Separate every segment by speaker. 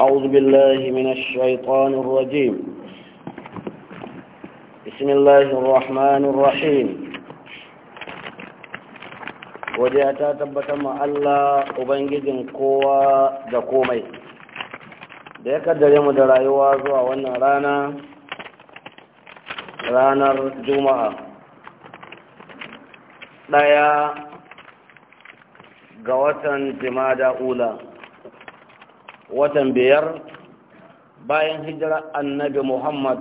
Speaker 1: أعوذ بالله من الشيطان الرجيم بسم ta tabbatar ma Allah Ubangijin kowa da komai da ya kaddare mu da rayuwa zuwa wannan rana ranar juma'a ɗaya ga watan jimada ula watan biyar bayan hijira annabi muhammad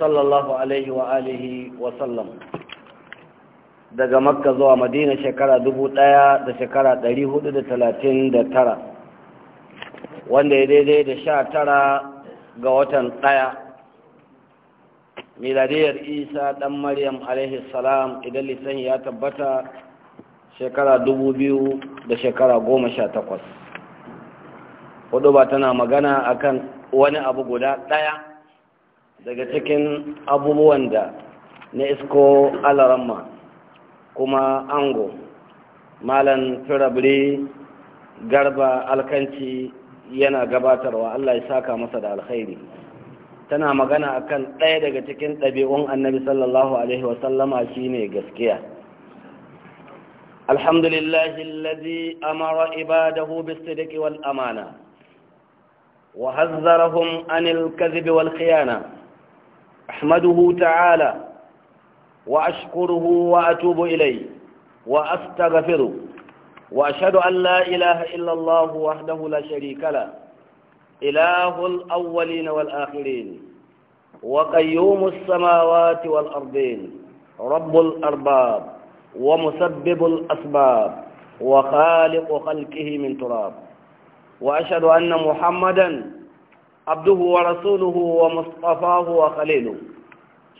Speaker 1: sallallahu alaihi wa alihi wasallam daga makka zuwa madina shekara dubu ɗaya da shekara ɗari hudu da talatin da tara wanda ya daidai da sha tara ga watan ɗaya miladiyar isa ɗan maryam alaihi salam idan lisan ya tabbata shekara dubu biyu da shekara goma sha takwas hudu ba tana magana akan wani abu guda ɗaya daga cikin abubuwan da na isko alaramma kuma ango malan firabri garba alkanci yana gabatarwa Allah ya saka masa da alkhairi tana magana akan ɗaya daga cikin ɗabi'un annabi sallallahu alaihi wasallama ne gaskiya alhamdulillahi allazi amara ibadahu bis wal amana وحذرهم عن الكذب والخيانة أحمده تعالى وأشكره وأتوب إليه وأستغفره وأشهد أن لا إله إلا الله وحده لا شريك له إله الأولين والآخرين وقيوم السماوات والأرضين رب الأرباب ومسبب الأسباب وخالق خلقه من تراب وأشهد أن محمدا عبده ورسوله ومصطفاه وخليله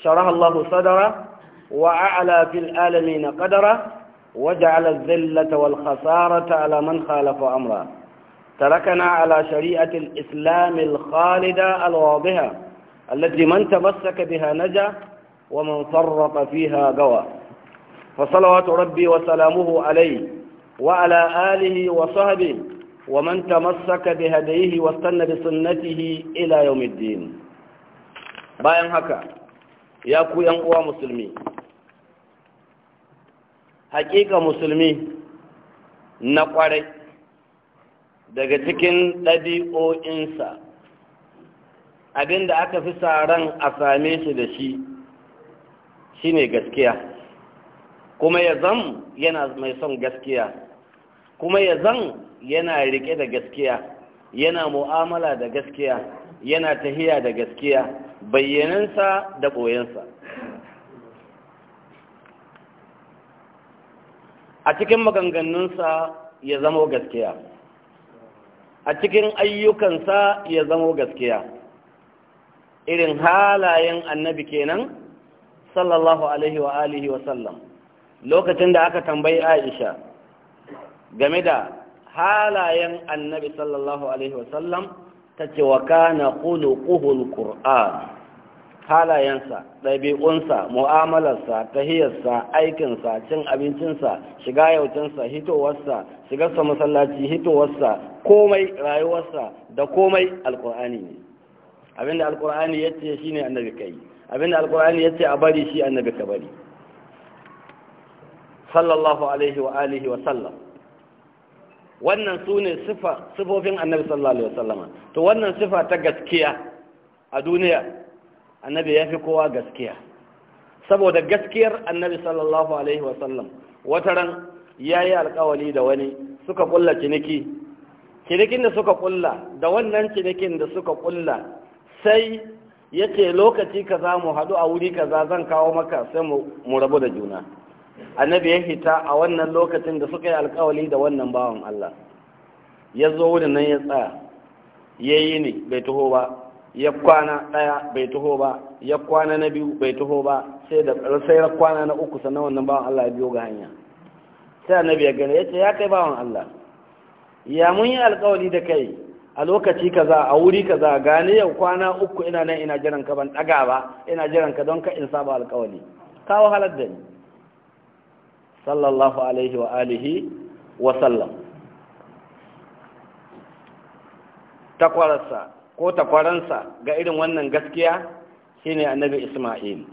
Speaker 1: شرح الله صدره وأعلى في العالمين قدره وجعل الذلة والخسارة على من خالف أمره تركنا على شريعة الإسلام الخالدة الواضحة التي من تمسك بها نجا ومن فرط فيها قوى فصلوات ربي وسلامه عليه وعلى آله وصحبه ومن تمسك بهديه واستنى بسنته إلى يوم الدين bayan haka ya ku yan uwa musulmi hakika musulmi na kwarai daga cikin ɗabi'o'insa abinda aka fi saran a same shi da shi shine gaskiya kuma ya zan yana mai son gaskiya kuma ya zan yana riƙe da gaskiya yana mu'amala da gaskiya yana tahiya da gaskiya bayyanansa da ɓoyensa a cikin maganganunsa ya zamo gaskiya a cikin ayyukansa ya zamo gaskiya irin halayen annabi kenan sallallahu alaihi wa alihi wa sallam lokacin da aka tambayi aisha game da halayen annabi sallallahu alaihi wasallam ta ce wa kana kuhul Kur'an. halayensa ɗabi'unsa mu'amalarsa tahiyarsa aikinsa cin abincinsa shiga yautinsa hitowarsa shigarsa masallaci hitowarsa komai rayuwarsa da komai alkur'ani ne abinda alkur'ani ya ce shi ne annabi kai abinda alkur'ani ya ce a bari shi annabi ka bari sallallahu alaihi wa alihi wa sallam wannan su ne sifofin annabi sallallahu alaihi wasallama to wannan sifa ta gaskiya a duniya annabi ya fi kowa gaskiya saboda gaskiyar annabi sallallahu alaihi wasallam wata ran ya yi alkawali da wani suka kulla ciniki cinikin da suka kulla da wannan cinikin da suka kulla sai ya ce lokaci kaza mu haɗu a wuri kaza zan kawo maka sai mu rabu da juna annabi ya fita a wannan lokacin da suka yi alkawali da wannan bawan Allah ya zo wuri nan ya tsaya ya yi ne bai taho ba ya kwana ɗaya bai taho ba ya kwana na biyu bai taho ba sai da sai kwana na uku sannan wannan bawan Allah ya biyo ga hanya sai annabi ya gani ya ce ya kai bawan Allah ya mun yi alkawali da kai a lokaci kaza a wuri kaza gani yau kwana uku ina nan ina jiran ka ban ɗaga ba ina jiran ka don ka in saba alkawali ka wahalar da ni sallallahu alaihi wa alihi wa sallam takwararsa ko takwaransa ga irin wannan gaskiya shine annabi Isma'il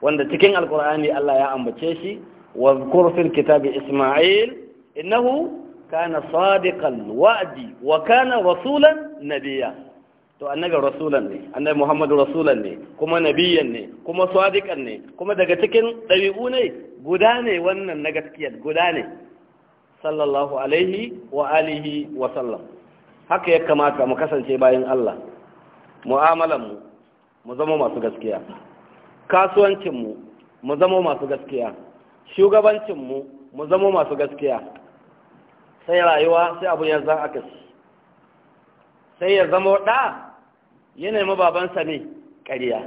Speaker 1: wanda cikin alkur'ani Allah ya ambace shi wa zkur kitabi Isma'il innahu kana sadiqal wa'di wa kana rasulan Nabiya. to annabi rasulan ne annabi muhammadu rasulan ne kuma nabiyan ne kuma sadiqan ne kuma daga cikin dabi'u ne guda ne wannan na gaskiyar guda ne sallallahu alaihi wa alihi wa sallam haka ya kamata mu kasance bayan Allah mu'amalan mu mu zama masu gaskiya kasuwancin mu mu zama masu gaskiya shugabancin mu mu zama masu gaskiya sai rayuwa sai abun yanzu aka sai ya zama ɗa ya nemi babansa ne ƙariya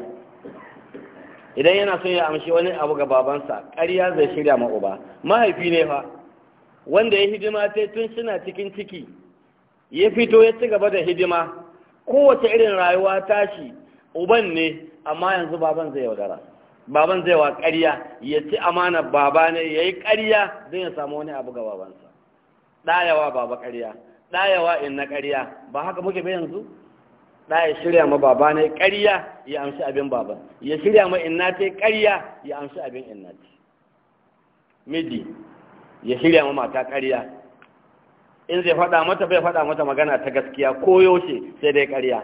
Speaker 1: idan yana son ya amshi wani abu ga babansa ƙariya zai shirya ma uba mahaifi ne fa wanda ya hidima ta tun suna cikin ciki ya fito ya ci gaba da hidima kowace irin rayuwa tashi uban ne amma yanzu baban zai yaudara baban zai wa ƙariya ya ci amana baba ne ya yi ƙariya don ya samu wani abu ga babansa ɗayawa baba ƙariya ɗayawa in na ƙariya ba haka muke bai yanzu da ya shirya ma baba ne ƙarya ya amshi abin baba ya shirya ma inna ta ƙarya ya amshi abin inna ta midi ya shirya ma mata ƙarya in zai faɗa mata bai faɗa mata magana ta gaskiya ko yaushe sai dai ƙarya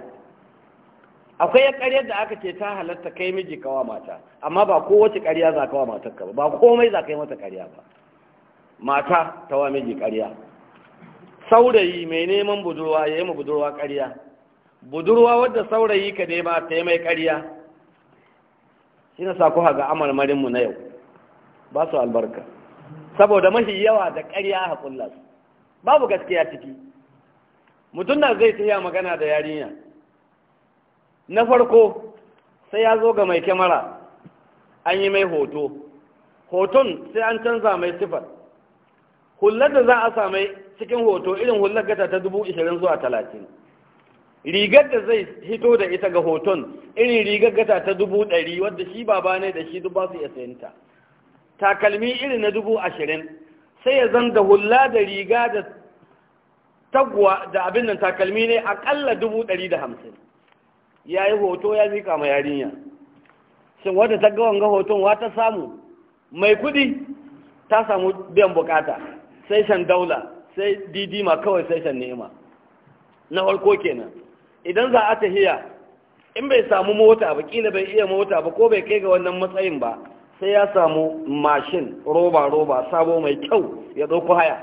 Speaker 1: akwai ƙaryar da aka ce ta halatta kai miji kawa mata amma ba kowace ƙarya za ka wa matarka ba ba komai za ka yi mata ƙarya ba mata ta wa miji ƙarya saurayi mai neman budurwa ya yi ma budurwa ƙarya budurwa wadda saurayi ka nema ta yi mai ƙarya shi na sa kuwa ga amarmarinmu na yau ba su albarka saboda mahi yawa da ƙarya a su babu gaskiya ciki mutum na zai tiya magana da yarinya na farko sai ya zo ga mai kyamara an yi mai hoto hoton sai an canza mai sifar hullar da za a sami cikin hoto irin hullar gata ta dubu ishirin zuwa talatin rigar da zai hito da ita ga hoton irin rigar gata ta dubu ɗari wadda shi baba ne da shi duba su iya sayanta takalmi irin na dubu ashirin sai ya zan da hula da riga da taguwa da abin nan takalmi ne aƙalla dubu ɗari da hamsin ya yi hoto ya zika ma yarinya shin wadda ta gawan ga hoton wata samu mai kuɗi ta samu biyan bukata sai shan daula sai didima kawai sai shan ni'ima na farko kenan idan za a tahiya in bai samu mota ba kila bai iya mota ba ko bai kai ga wannan matsayin ba sai ya samu mashin roba roba sabo mai kyau ya ɗauko haya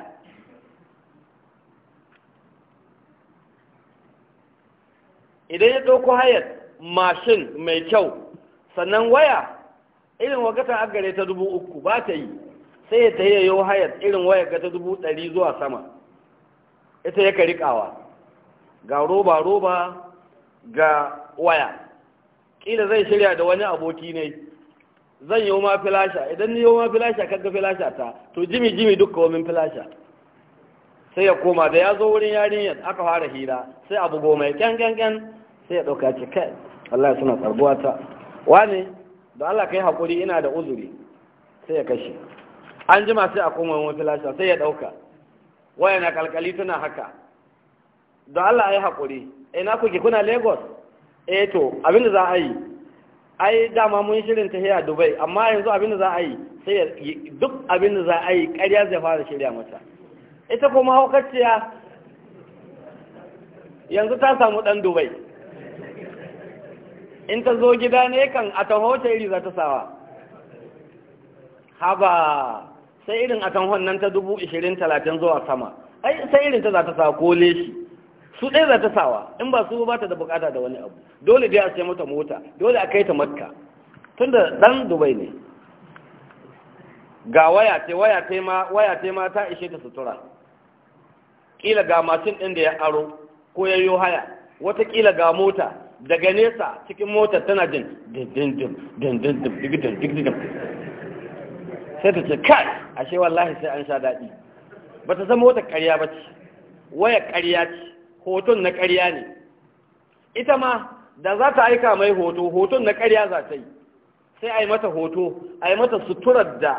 Speaker 1: idan ya ɗauko hayar mashin mai kyau sannan waya irin wakatan agare ta dubu uku ba ta yi sai ya ta yayo hayar irin waya ga ta dubu ɗari zuwa sama ita ya karikawa ga roba-roba ga waya ƙila zai shirya da wani aboki ne zan yi ma filasha idan ni yi ma filasha kaga filasha ta to jimi-jimi duk kawomin filasha sai ya koma da ya zo wurin yarinyar aka fara hira sai abu goma ya kyan kyan kyan sai ya ɗauka ce kai Allah suna tsarguwa ta wani da Allah ka yi haƙuri ina da uzuri sai ya kashe an jima sai a koma wani filasha sai ya ɗauka waya na kalkali tana haka don Allah ai haƙuri ina kuke kuna Lagos eh to abinda za a yi ai dama mun shirin ta tahiya Dubai amma yanzu abinda za a yi sai duk abinda za a yi ƙarya zai fara shirya mata ita kuma haukaciya yanzu ta samu ɗan Dubai in ta zo gida ne kan a taho ta iri za ta sawa haba sai irin a tanhon nan ta dubu ishirin talatin zuwa sama ai sai irin ta za ta sa ko leshi. su ɗaya za ta sawa in ba su ba ta da bukata da wani abu dole dai a sai mata mota dole a kai ta makka tunda ɗan dubai ne ga waya ce waya ce ma ta ishe ta sutura Ƙila ga mashin ɗin da ya aro ko ya yi haya wata ga mota daga nesa cikin mota tana jin din sai ta ce kai ashe wallahi sai an sha daɗi ba ta zama wata ƙarya ba waya ƙarya ce hoton na ƙarya ne ita ma da za ta aika mai hoto hoton na ƙarya za ta yi sai a yi mata hoto a yi mata suturar da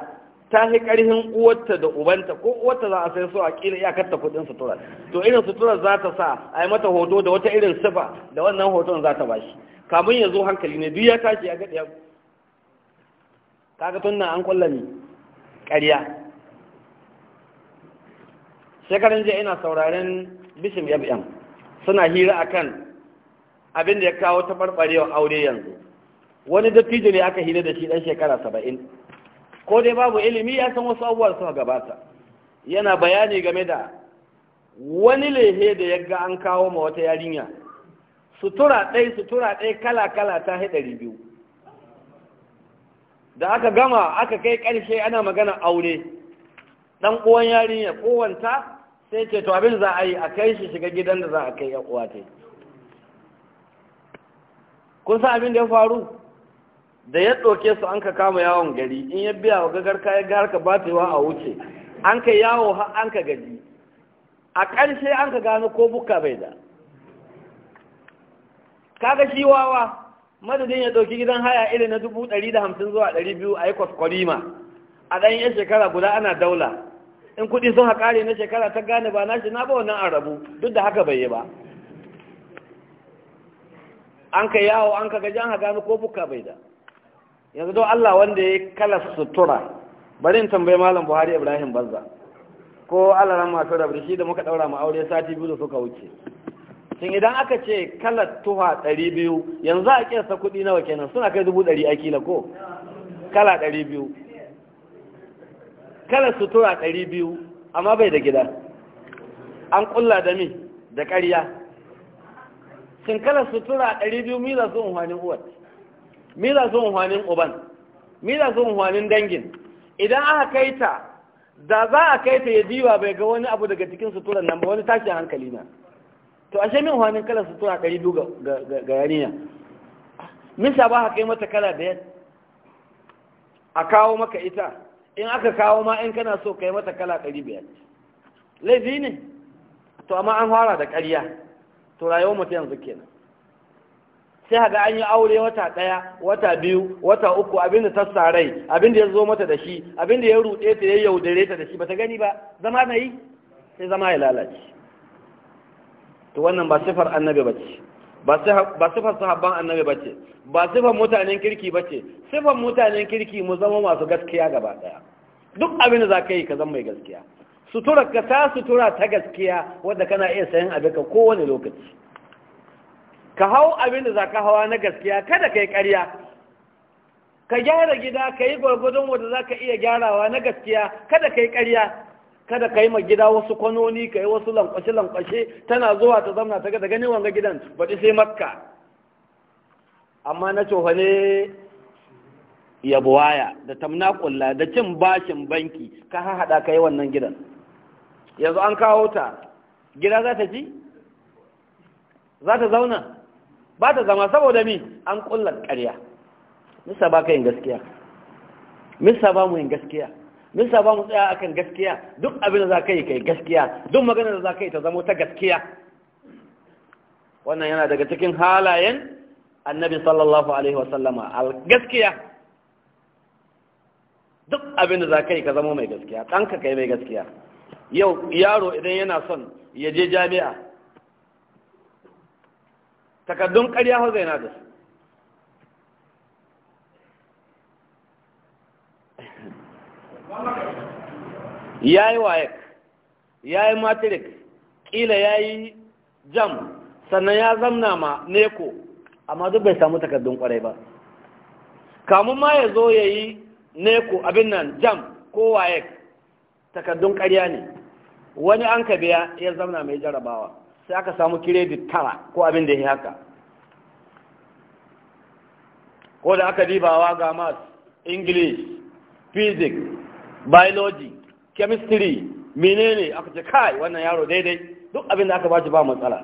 Speaker 1: ta fi ƙarfin uwarta da ubanta ko uwarta za a sai so a ƙila ta kuɗin suturar to irin suturar za ta sa a yi mata hoto da wata irin sifa da wannan hoton za ta bashi kamun ya zo hankali ne duk ya tashi ya gaɗe kaga tun nan an kulla ni ƙarya shekaran jiya ina sauraren bishim yab'am suna hira akan abin da ya kawo taɓarɓarewar aure yanzu wani dattijo ne aka hira da shi dan shekara saba'in ko dai babu ilimi ya san wasu abubuwa suna gabata yana bayani game da wani lehe da ya ga an kawo ma wata yarinya sutura ɗai sutura ɗai kala-kala ta haɗari biyu da aka gama aka kai ƙarshe ana magana aure ɗan uwan yarinya kowanta sai ce to abin za a yi a kai shi shiga gidan da za a kai uwa ta kun san abin da ya faru da ya ɗauke su an ka kama yawon gari in ya biya wa gagar kayan gar ka batewa a wuce an ka yawo har an ka gaji a ƙarshe an ka gano ko buka bai da kaga shi wawa madadin ya ɗauki gidan haya irin na dubu ɗari da hamsin zuwa ɗari biyu a yi kwaskwarima a ɗan yan shekara guda ana daula in kuɗi sun ne na shekara ta gane ba na shi na ba wannan arabu duk da haka bai yi ba an ka yawo an ka gaji an haƙa ko buka bai da yanzu don Allah wanda ya kala sutura bari in tambayi malam Buhari Ibrahim Banza ko alaran masu rabu shi da muka ɗaura mu aure sati biyu da suka wuce shin idan aka ce kala tuha ɗari biyu yanzu a ƙesa kuɗi nawa kenan suna kai dubu ɗari akila ko kala ɗari biyu Kala sutura ɗari biyu amma bai da gida an ƙulla da mi da ƙarya kala sutura ɗari biyu mila su hannun uwar mila su hannun uban mila su hannun dangin idan aka kai ta da za a kai ta ya diwa bai ga wani abu daga cikin suturan nan ba wani tashin hankali na to ashe min hannun kalar sutura ɗari biyu ga min misa ba haka yi mata kala da a kawo maka ita in aka kawo ma in kana so kai mata kala ɗari biyar laifi ne to amma an fara da ƙarya to rayuwar mutum yanzu kenan sai haga an yi aure wata ɗaya wata biyu wata uku abinda ta sarai abinda ya zo mata da shi abinda ya ruɗe ta ya yaudare ta da shi ba ta gani ba zama na yi sai zama ya lalace to wannan ba siffar annabi ba ce ba sifar sahabban annabi ba ce ba sifar mutanen kirki ba ce sifar mutanen kirki mu zama masu gaskiya gaba daya duk abin da ka yi ka zama mai gaskiya sutura ka ta sutura ta gaskiya wadda kana iya sayan abin ka kowane lokaci ka hau abin da ka hawa na gaskiya kada kai karya ka gyara gida ka yi gwargwadon za ka iya gyarawa na gaskiya kada kai karya. kada ka yi ma gida wasu kwanoni ka yi wasu lankwashe-lankwashe tana zuwa ta zamna ta gada ganin wanga gidan baɗi sai makka amma na cofa ne yabuwaya da tamna kulla da cin bashin banki ka haɗa ka yi wannan gidan yanzu an kawo ta gida za ta ci za ta zauna ba ta zama saboda mi an kulla ƙarya misa ba ka yin gaskiya misa ba mu yin gaskiya mun sa ba mu tsaya akan gaskiya duk abin da za ka yi kai gaskiya duk magana da za ka yi ta zamo ta gaskiya wannan yana daga cikin halayen annabi sallallahu alaihi wasallama al gaskiya duk abin da za ka yi ka zamo mai gaskiya ɗanka kai mai gaskiya yau yaro idan yana son ya je jami'a takaddun ƙarya hau zai na da su ya yi wayek ya yi ƙila ya yi jam sannan ya zamna ma neko amma duk bai samu takardun kwarai ba kamun ma ya zo ya yi neko abin nan jam ko wayek takardun karya ne wani an ka biya ya zamna mai jarabawa sai aka samu kiredit tara ko abin da ya haka ko da aka dibawa ga mas english physics biology chemistry menene aka ce kai wannan yaro daidai duk abin da aka ba shi ba matsala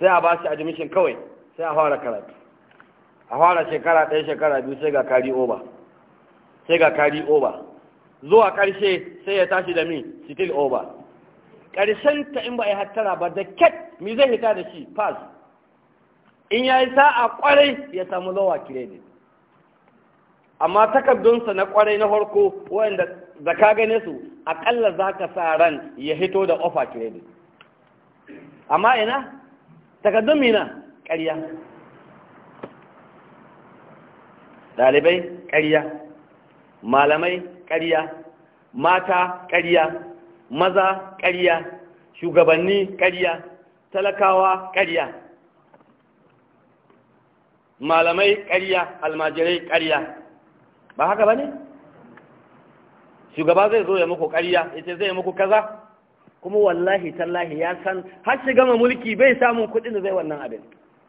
Speaker 1: sai a ba shi admission kawai sai a fara karatu a fara shekara ɗaya shekara biyu sai ga kari over sai ga kari over zuwa ƙarshe sai ya tashi da min still over ƙarshen ta in ba a yi hattara ba da ket mi zai hita da shi pass in ya yi sa'a ƙwarai ya samu lower credit amma takardunsa na kwarai na farko wanda da ka gane su akalla za ka sa ran ya hito da offer credit amma ina takardun mina ƙarya ɗalibai ƙarya malamai ƙarya mata ƙarya maza ƙarya shugabanni ƙarya talakawa ƙarya malamai ƙarya almajirai ƙarya ba haka ba ne shugaba zai zo ya muku karya ya ce zai muku kaza kuma wallahi tallahi ya san har shi gama mulki bai samun kudin da zai wannan abin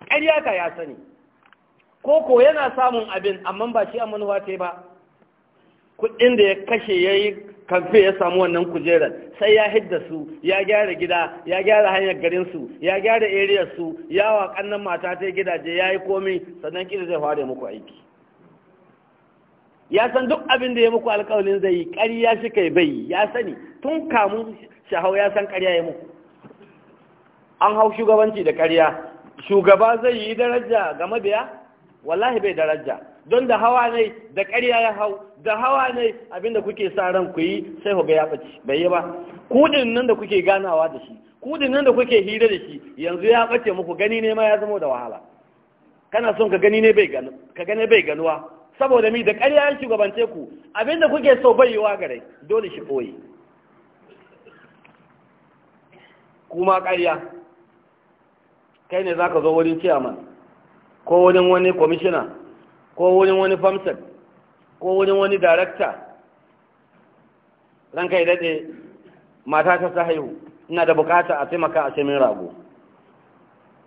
Speaker 1: ƙarya ka ya sani ko ko yana samun abin amma ba shi an manuwa ce ba kudin da ya kashe ya yi kamfe ya samu wannan kujerar sai ya hidda su ya gyara gida ya gyara hanyar garinsu ya gyara eriyarsu ya wa kannan mata ta gidaje ya yi komi sannan kila zai fara muku aiki ya san duk abin da ya muku alkawalin zai yi ƙarya shi kai bai ya sani tun kamun shahau ya san ƙarya ya muku an hau shugabanci da ƙarya shugaba zai yi daraja ga mabiya wallahi bai daraja don da hawa ne da ƙarya ya hau da hawa ne abinda kuke sa ran ku yi sai ku ya ɓaci bai yi ba kudin nan da kuke ganawa da shi kudin nan da kuke hira da shi yanzu ya ɓace muku gani ne ma ya zama da wahala kana son ka gani ne bai ganuwa saboda mi da ƙarya ya shugabance ku abinda kuke so bayyawa gare dole shi ɓoye kuma ƙarya kai ne za ka zo wurin ciyaman ko wurin wani kwamishina ko wurin wani famsan ko wurin wani darakta ranka daɗe mata ta sa haihu ina da bukata a taimaka a min rago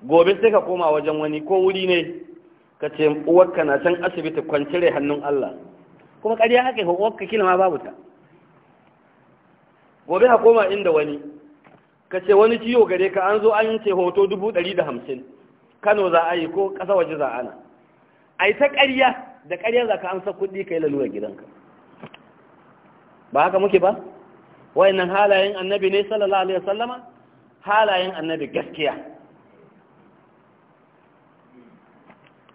Speaker 1: gobe sai ka koma wajen wani ko wuri ne ka ce uwarka na can asibiti kwancire hannun Allah kuma ƙarya haka yi uwarka kila ma babu ta gobe ha koma inda wani ka ce wani ciwo gare ka an zo an yi ce hoto dubu ɗari da hamsin kano za a yi ko ƙasa waje za ana a yi ta ƙarya da ƙarya za ka amsa kuɗi ka yi lalura gidanka ba haka muke ba nan halayen annabi ne sallallahu alaihi wasallama halayen annabi gaskiya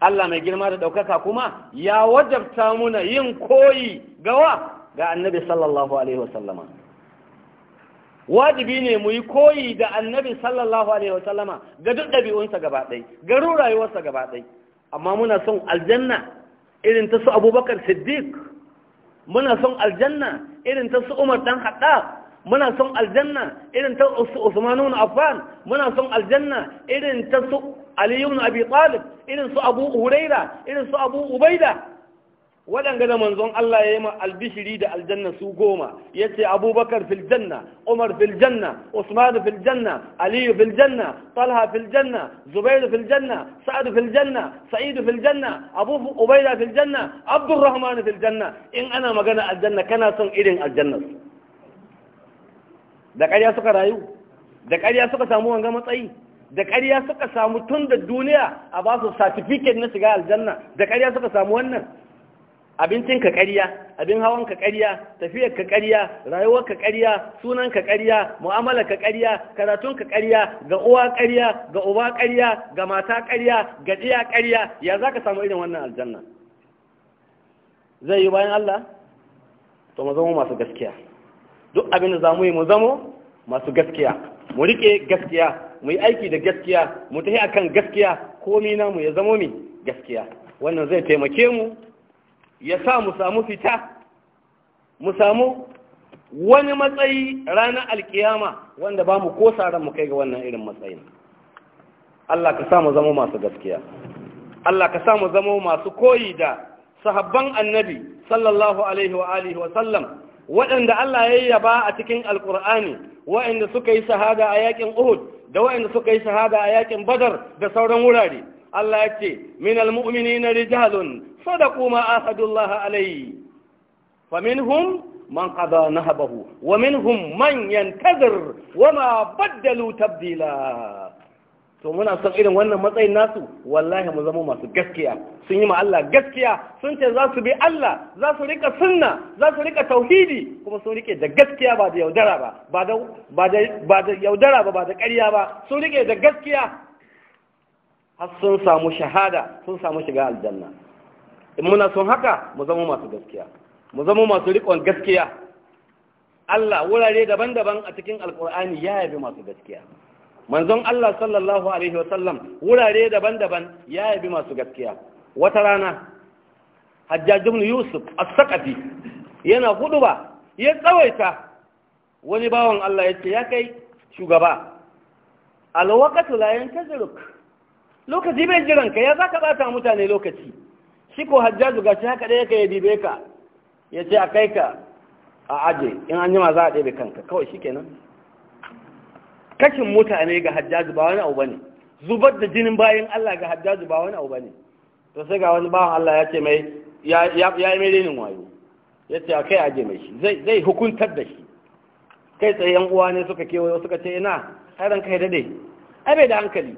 Speaker 1: Allah mai girma da ɗaukaka kuma ya wajabta muna yin koyi gawa ga annabi sallallahu alaihi wasallama wajibi ne mu yi koyi da annabi sallallahu alaihi wasallama ga duk ɗabi'unsa gaba ɗai ga rayuwarsa gaba ɗai amma muna son aljanna irin ta su abubakar siddiq muna son aljanna irin ta su umar ɗan haɗa muna son aljanna irin ta su usmanun affan muna son aljanna irin ta su علي بن أبي طالب إن ابو هريرة إن صابوا أبيدة ولن قد من ظن الله ييما البشري دا الجنة سوكوما يتي أبو بكر في الجنة عمر في الجنة عثمان في الجنة علي في الجنة طلحة في الجنة زبيد في الجنة سعد في الجنة سعيد في الجنة أبو أبيدة في الجنة عبد الرحمن في الجنة إن أنا ما الجنة كنا سن إرين الجنة ده قد يسوك رايو ده قد يسوك ساموان قمت أيه da ƙarya suka samu tun da duniya a ba su certificate na shiga aljanna da ƙarya suka samu wannan abincin ka ƙarya abin hawan ka ƙarya tafiyar ka ƙarya rayuwar ka ƙarya sunan ka ƙarya mu'amala ka ƙarya karatun ka ƙarya ga uwa ƙarya ga uba ƙarya ga mata ƙarya ga ɗiya ƙarya ya za ka samu irin wannan aljanna zai yi bayan Allah to mu zamo masu gaskiya duk abin da za mu yi mu zamo masu gaskiya mu riƙe gaskiya mu yi aiki da gaskiya mu tafi akan gaskiya komi namu ya zamo mi gaskiya wannan zai taimake mu ya sa mu samu fita mu samu wani matsayi ranar alkiyama wanda ba mu ko ran mu kai ga wannan irin matsayin Allah ka mu zama masu gaskiya Allah ka mu zama masu koyi da sahabban annabi sallallahu alaihi wa alihi wa sallam waɗanda Allah ya yaba a cikin alkur'ani waɗanda suka yi shahada a yaƙin uhud da waɗanda suka yi shahada a yakin badar da sauran wurare Allah ya ce min almu'mini na rijalun sadaku ma ahadullah alayhi fa minhum man qada nahabahu wa minhum man yantazir wa ma baddalu tabdila to muna son irin wannan matsayin nasu wallahi mu zama masu gaskiya sun yi ma Allah gaskiya sun ce za su bi Allah za su rika sunna za su rika tauhidi kuma sun rike da gaskiya ba da yaudara ba ba da ba da yaudara ba ba da ƙarya ba sun rike da gaskiya har sun samu shahada sun samu shiga aljanna in muna son haka mu zama masu gaskiya mu zama masu riƙon gaskiya Allah wurare daban-daban a cikin alƙur'ani ya yabi masu gaskiya manzon Allah sallallahu alaihi wasallam wurare daban-daban ya yabi masu gaskiya wata rana Hajjaj ibn Yusuf as-Saqafi yana huduba ya tsawaita wani bawan Allah yace ya kai shugaba alwaqatu la yantaziruk lokaci bai jiran ka ya zaka bata mutane lokaci shi ko Hajjaj ga shi haka ɗaya yake ya bibe ka yace a kai ka a aje in an ma za a ɗebe kanka kawai shikenan kashin mutane ga hajjaji ba wani abu bane zubar da jinin bayan Allah ga hajjaji ba wani abu bane to sai ga wani bawan Allah ya ce mai ya yi mai renin wayo ya ce kai aje mai shi zai hukuntar da shi kai tsaye yan uwa ne suka kewayo suka ce ina har ranka ya dade ai bai da hankali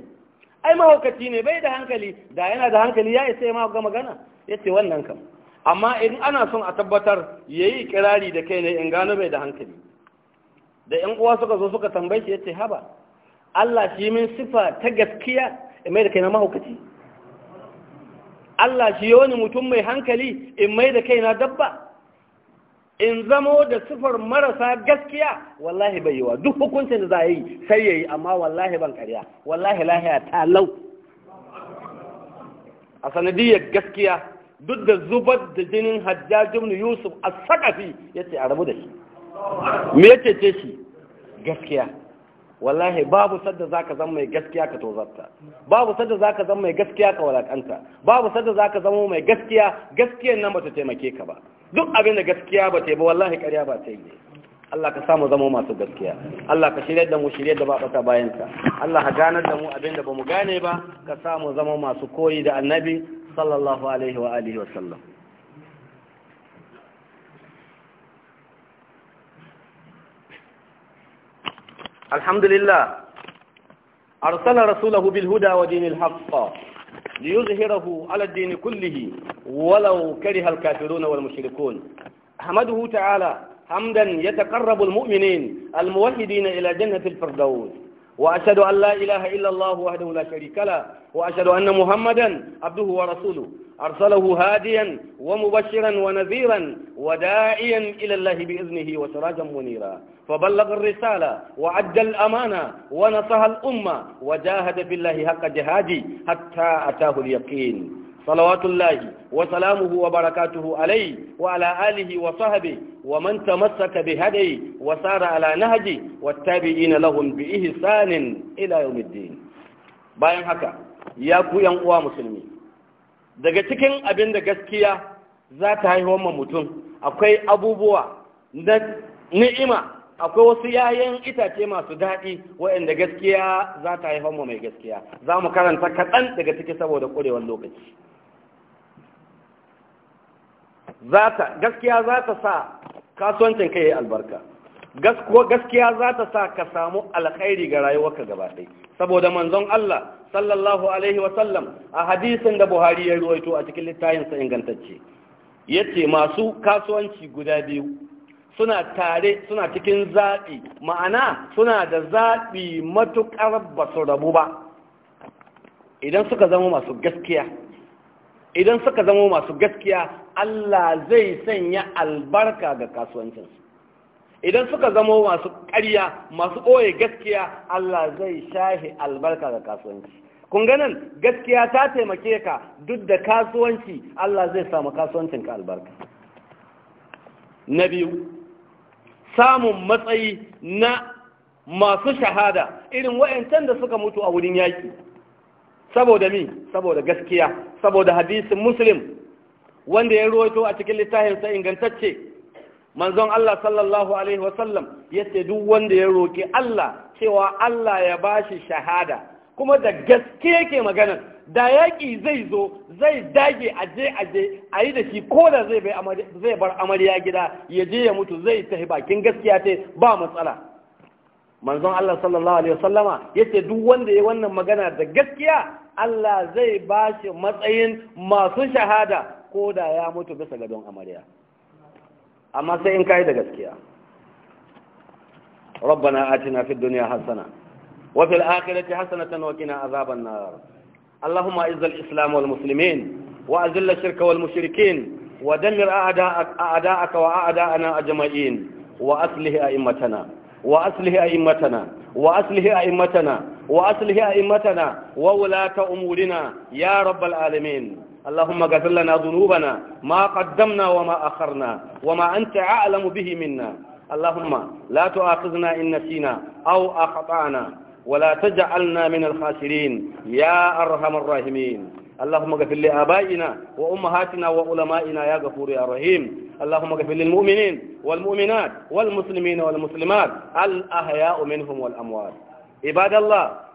Speaker 1: ai mahaukaci ne bai da hankali da yana da hankali ya isa ma ga magana ya ce wannan kam amma idan ana son a tabbatar ya yi kirari da kai ne in gano bai da hankali da ‘yan uwa suka zo suka tambaye shi ya ce haba Allah shi min sifa ta gaskiya in mai da kai na mahaukaci Allah shi wani mutum mai hankali in mai da kai na dabba in zamo da sifar marasa gaskiya wallahi bai yiwa duk hukuncin da za sai yayi yi amma wallahi ban karya wallahi lahiya ta lau a sanadiyar gaskiya duk da zubar da jinin hajjajin yusuf a sakafi ya ce a rabu da shi me yake ce shi gaskiya wallahi babu sadda zaka zama mai gaskiya ka tozarta babu sadda zaka zama mai gaskiya ka walakanta babu sadda zaka zama mai gaskiya gaskiyar nan bata taimake ka ba duk abin da gaskiya ba ta yi ba wallahi ƙarya ba ta yi Allah ka samu zama masu gaskiya Allah ka shirye da mu shirye da ba bata Allah ka ganar da mu abin da bamu gane ba ka samu zama masu koyi da annabi sallallahu alaihi wa alihi wa sallam الحمد لله أرسل رسوله بالهدى ودين الحق ليظهره على الدين كله ولو كره الكافرون والمشركون حمده تعالى حمدا يتقرب المؤمنين الموحدين إلى جنة الفردوس وأشهد أن لا إله إلا الله وحده لا شريك له وأشهد أن محمدا عبده ورسوله أرسله هاديا ومبشرا ونذيرا وداعيا إلى الله بإذنه وسراجا منيرا فبلغ الرسالة وعد الأمانة ونصها الأمة وجاهد بالله حق جهادي حتى أتاه اليقين صلوات الله وسلامه وبركاته عليه وعلى آله وصحبه ومن تمسك بهدي وسار على نهجي والتابعين لهم بإحسان إلى يوم الدين باين هكا يا كو يا مسلمين daga cikin abin da gaskiya za ta haihuwar ma mutum akwai abubuwa na ni'ima akwai wasu yayan itace masu daɗi waɗanda gaskiya za ta haifar mai gaskiya za mu karanta kaɗan daga ciki saboda ƙurewar lokaci gaskiya za ta sa kasuwancin kai albarka gaskiya za ta sa ka samu alkhairi ga rayuwarka gaba ɗaya saboda manzon Allah sallallahu alaihi sallam a hadisin da Buhari ya ruwaito a cikin littafinsa ingantacce yace masu kasuwanci guda biyu suna tare suna cikin zaɓi ma'ana suna da zaɓi matuƙar ba su rabu ba idan suka zama masu gaskiya idan suka zama masu gaskiya Allah zai sanya albarka ga kasuwancinsu idan suka zama masu ƙarya masu ɓoye gaskiya Allah zai shahi albarka ga kasuwanci kun ganin gaskiya ta taimake ka duk da kasuwanci Allah zai samu kasuwancin ka albarka na biyu samun matsayi na masu shahada irin wa'yancan da suka mutu a wurin yaƙi saboda mi saboda gaskiya saboda hadisin muslim wanda ya ruwaito a cikin littafinsa ingantacce manzon Allah sallallahu alaihi wasallam yace duk wanda ya roki Allah cewa Allah ya bashi shahada kuma da gaske yake magana da yaƙi zai zo zai dage aje aje a yi da shi ko da zai bar amarya gida ya je ya mutu zai tafi bakin gaskiya ta ba matsala manzon Allah sallallahu alaihi wasallama yace duk wanda ya wannan magana da gaskiya Allah zai ba shi matsayin masu shahada ko da ya mutu bisa gadon amarya amma sai in kayi da gaskiya rabbana atina fid dunya hasana wa fil akhirati hasanatan wa qina azaban nar allahumma izzil islam wal muslimin wa azil ashirka wal mushrikin wa dammir a'da'aka wa a'da'ana ajma'in wa aslih a'immatana wa aslih a'immatana wa aslih a'immatana wa aslih a'immatana wa wulata umurina ya rabbal alamin اللهم اغفر لنا ذنوبنا ما قدمنا وما أخرنا وما أنت أعلم به منا اللهم لا تؤاخذنا إن نسينا أو أخطأنا ولا تجعلنا من الخاسرين يا أرحم الراحمين اللهم اغفر لآبائنا وأمهاتنا وعلمائنا يا غفور يا رحيم اللهم اغفر للمؤمنين والمؤمنات والمسلمين والمسلمات الأحياء منهم والأموات عباد الله